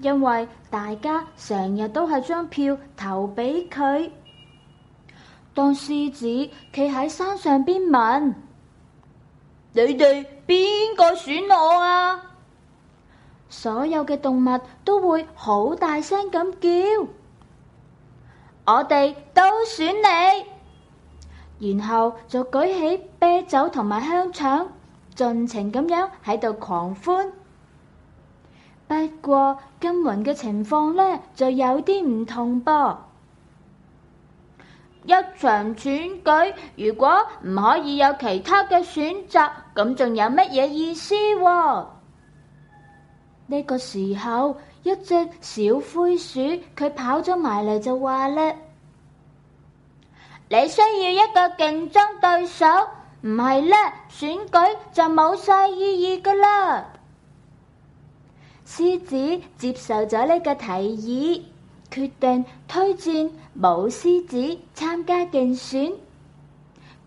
因為大家成日都係將票投俾佢，當獅子企喺山上邊問：你哋邊個選我啊？所有嘅動物都會好大聲咁叫，我哋都選你。然後就舉起啤酒同埋香腸，盡情咁樣喺度狂歡。不過金云嘅情況呢，就有啲唔同噃，一場選舉如果唔可以有其他嘅選擇，咁仲有乜嘢意思呢？呢個時候，一隻小灰鼠佢跑咗埋嚟就話咧：你需要一個競爭對手，唔係咧選舉就冇晒意義噶啦。獅子接受咗呢個提議，決定推薦母獅子參加競選。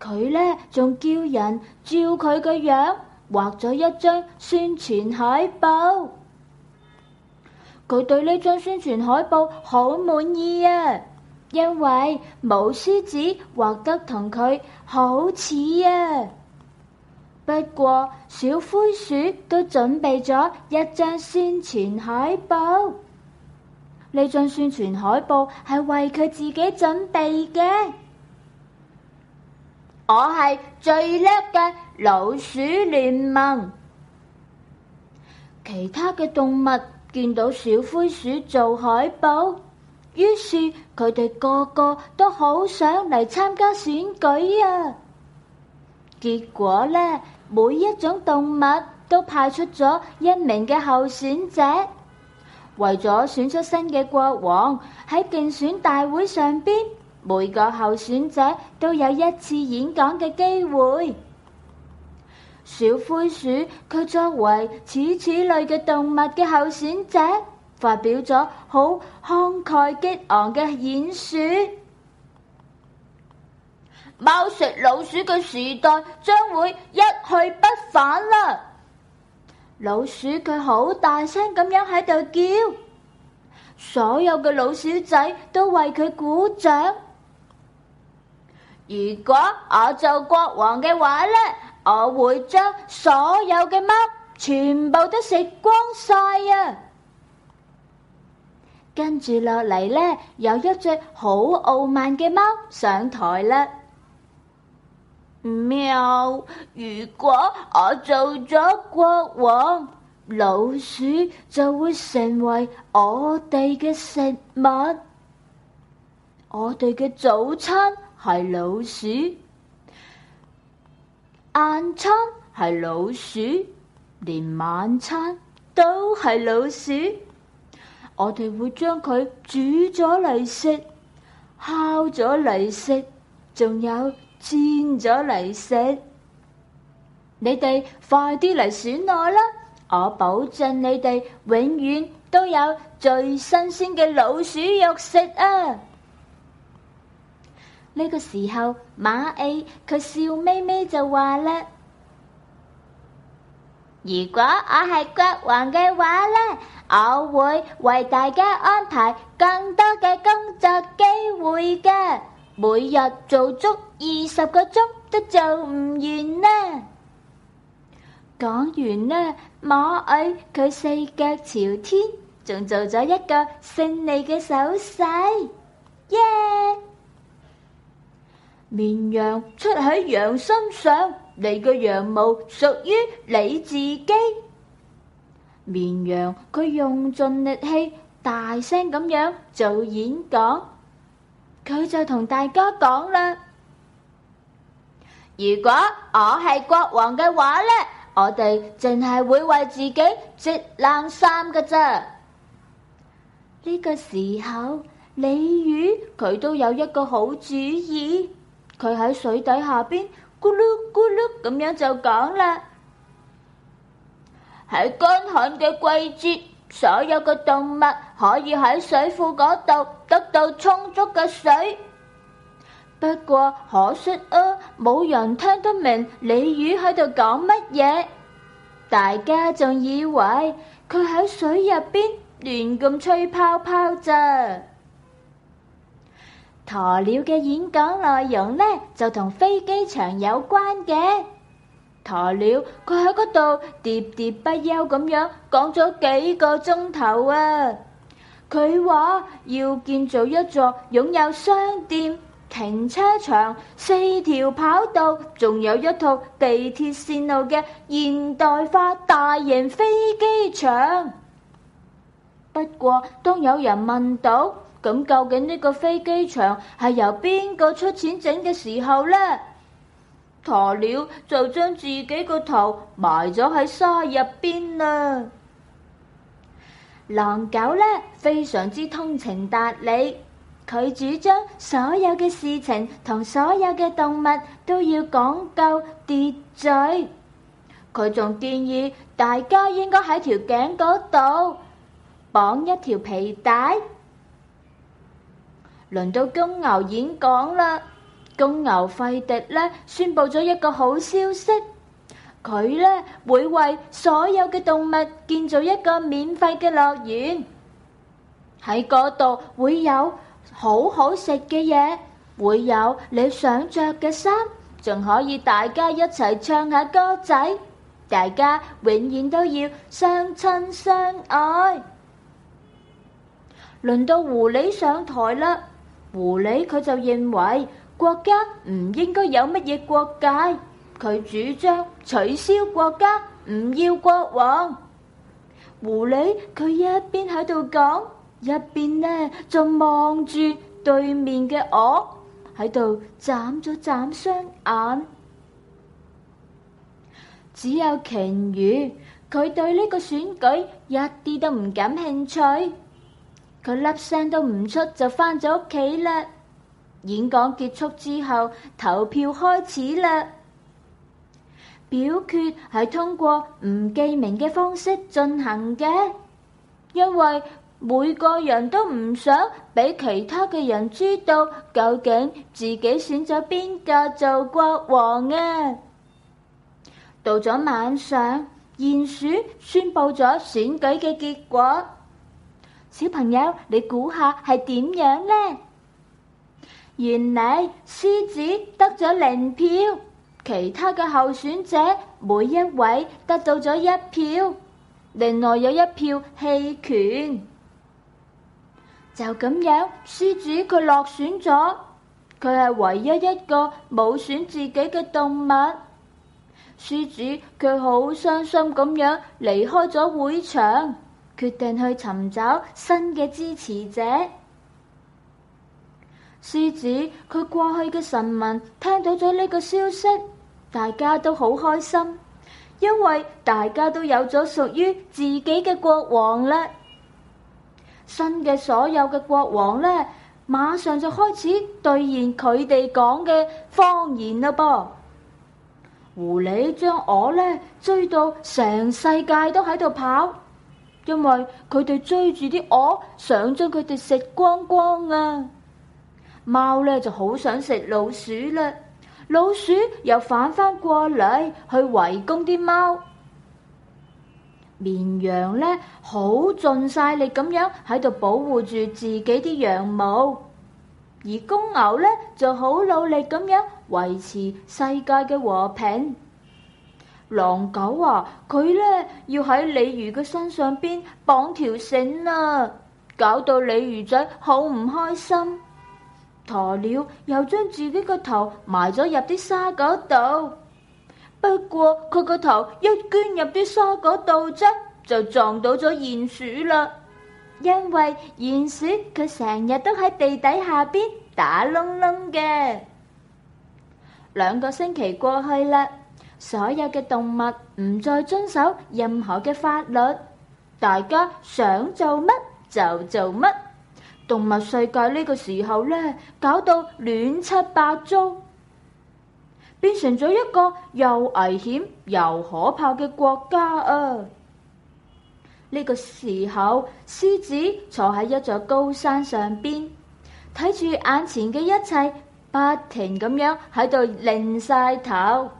佢呢仲叫人照佢個樣畫咗一張宣傳海報。佢對呢張宣傳海報好滿意啊，因為母獅子畫得同佢好似啊。不過，小灰鼠都準備咗一張宣傳海報。呢張宣傳海報係為佢自己準備嘅。我係最叻嘅老鼠聯盟。其他嘅動物見到小灰鼠做海報，於是佢哋個個都好想嚟參加選舉啊！結果呢，每一種動物都派出咗一名嘅候選者。為咗選出新嘅國王，喺競選大會上邊，每個候選者都有一次演講嘅機會。小灰鼠佢作為此此類嘅動物嘅候選者，發表咗好慷慨激昂嘅演說。貓食老鼠嘅時代將會一去不返啦！老鼠佢好大聲咁樣喺度叫，所有嘅老鼠仔都為佢鼓掌。如果我做國王嘅話呢，我會將所有嘅貓全部都食光晒啊！跟住落嚟呢，有一隻好傲慢嘅貓上台啦。喵！如果我做咗國王，老鼠就會成為我哋嘅食物。我哋嘅早餐係老鼠，晏餐係老鼠，連晚餐都係老鼠。我哋會將佢煮咗嚟食，烤咗嚟食，仲有。煎咗嚟食，你哋快啲嚟選我啦！我保證你哋永遠都有最新鮮嘅老鼠肉食啊！呢個時候，螞蟻佢笑眯眯就話啦：如果我係國王嘅話咧，我會為大家安排更多嘅工作機會㗎。每日做足二十個鐘都做唔完呢。講完呢，螞蟻佢四腳朝天，仲做咗一個勝利嘅手勢。耶！綿羊出喺羊身上，你嘅羊毛屬於你自己。綿羊佢用盡力氣，大聲咁樣做演講。佢就同大家講啦，如果我係國王嘅話咧，我哋淨係會為自己着冷衫嘅啫。呢個時候，鯉魚佢都有一個好主意，佢喺水底下邊咕嚕咕嚕咁樣就講啦，喺乾旱嘅季節。所有嘅動物可以喺水庫嗰度得到充足嘅水，不過可惜啊，冇人聽得明鯉魚喺度講乜嘢，大家仲以為佢喺水入邊亂咁吹泡泡咋，鴕鳥嘅演講內容呢，就同飛機場有關嘅。鴕鳥，佢喺嗰度喋喋不休咁樣講咗幾個鐘頭啊！佢話要建造一座擁有商店、停車場、四條跑道，仲有一套地鐵綫路嘅現代化大型飛機場。不過，當有人問到咁究竟呢個飛機場係由邊個出錢整嘅時候咧？鴕鳥就將自己個頭埋咗喺沙入邊啦。狼狗呢，非常之通情達理，佢主張所有嘅事情同所有嘅動物都要講究秩序。佢仲建議大家應該喺條頸嗰度綁一條皮帶。輪到公牛演講啦。公牛費迪呢宣布，咗一個好消息，佢呢會為所有嘅動物建造一個免費嘅樂園，喺嗰度會有好好食嘅嘢，會有你想着嘅衫，仲可以大家一齊唱下歌仔，大家永遠都要相親相愛。輪到狐狸上台啦，狐狸佢就認為。國家唔應該有乜嘢國界，佢主張取消國家，唔要國王。狐狸佢一邊喺度講，一邊呢就望住對面嘅鵝，喺度眨咗眨雙眼。只有鯨魚，佢對呢個選舉一啲都唔感興趣，佢粒聲都唔出就翻咗屋企啦。演講結束之後，投票開始啦。表決係通過唔記名嘅方式進行嘅，因為每個人都唔想俾其他嘅人知道究竟自己選咗邊個做國王啊，到咗晚上，鼴鼠宣布咗選舉嘅結果。小朋友，你估下係點樣呢？原嚟獅子得咗零票，其他嘅候選者每一位得到咗一票，另外有一票棄權。就咁樣，獅子佢落選咗，佢係唯一一個冇選自己嘅動物。獅子佢好傷心咁樣離開咗會場，決定去尋找新嘅支持者。獅子佢過去嘅臣民聽到咗呢個消息，大家都好開心，因為大家都有咗屬於自己嘅國王啦。新嘅所有嘅國王呢，馬上就開始兌現佢哋講嘅謊言啦噃。狐狸將鵝呢追到成世界都喺度跑，因為佢哋追住啲鵝，想將佢哋食光光啊！貓呢就好想食老鼠嘞，老鼠又反翻過嚟去圍攻啲貓。綿羊呢好盡晒力咁樣喺度保護住自己啲羊毛，而公牛呢就好努力咁樣維持世界嘅和平。狼狗啊，佢呢要喺鯉魚嘅身上邊綁條繩啊，搞到鯉魚仔好唔開心。鴕鳥又將自己個頭埋咗入啲沙土度，不過佢個頭一捐入啲沙土度，就就撞到咗鼴鼠啦。因為鼴鼠佢成日都喺地底下邊打窿窿嘅。兩個星期過去啦，所有嘅動物唔再遵守任何嘅法律，大家想做乜就做乜。動物世界呢個時候呢，搞到亂七八糟，變成咗一個又危險又可怕嘅國家啊！呢個時候，獅子坐喺一座高山上邊，睇住眼前嘅一切，不停咁樣喺度擰晒頭。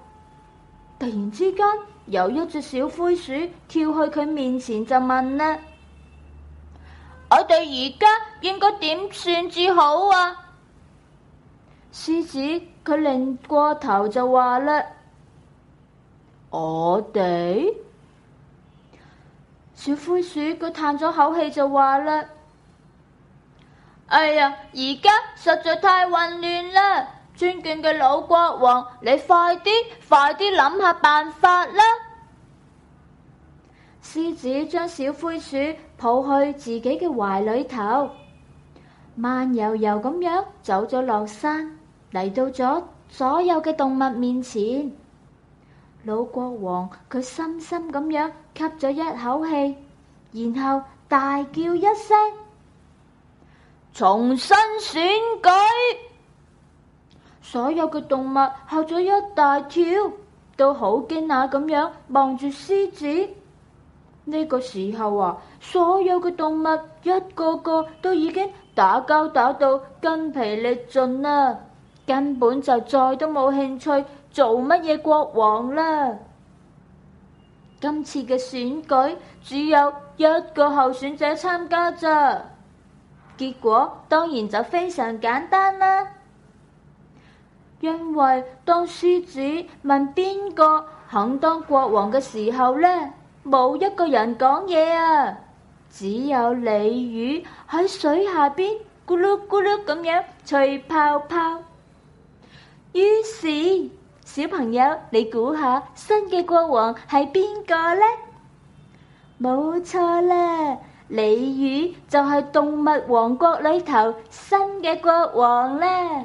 突然之間，有一隻小灰鼠跳去佢面前就問咧、啊：我哋而家？應該點算至好啊？獅子佢擰過頭就話啦：我哋嘅小灰鼠佢嘆咗口氣就話啦：哎呀，而家實在太混亂啦！尊敬嘅老國王，你快啲快啲諗下辦法啦！獅子將小灰鼠抱去自己嘅懷裏頭。慢悠悠咁樣走咗落山，嚟到咗所有嘅動物面前。老國王佢深深咁樣吸咗一口氣，然後大叫一聲：重新選舉！所有嘅動物嚇咗一大跳，都好驚訝咁樣望住獅子。呢個時候啊，所有嘅動物一個個都已經。打交打到筋疲力盡啦、啊，根本就再都冇興趣做乜嘢國王啦。今次嘅選舉只有一個候選者參加咋，結果當然就非常簡單啦。因為當獅子問邊個肯當國王嘅時候呢，冇一個人講嘢、啊。只有鯉魚喺水下邊咕嚕咕嚕咁樣吹泡泡。於是小朋友，你估下新嘅國王係邊個呢？冇錯啦，鯉魚就係動物王國裏頭新嘅國王啦。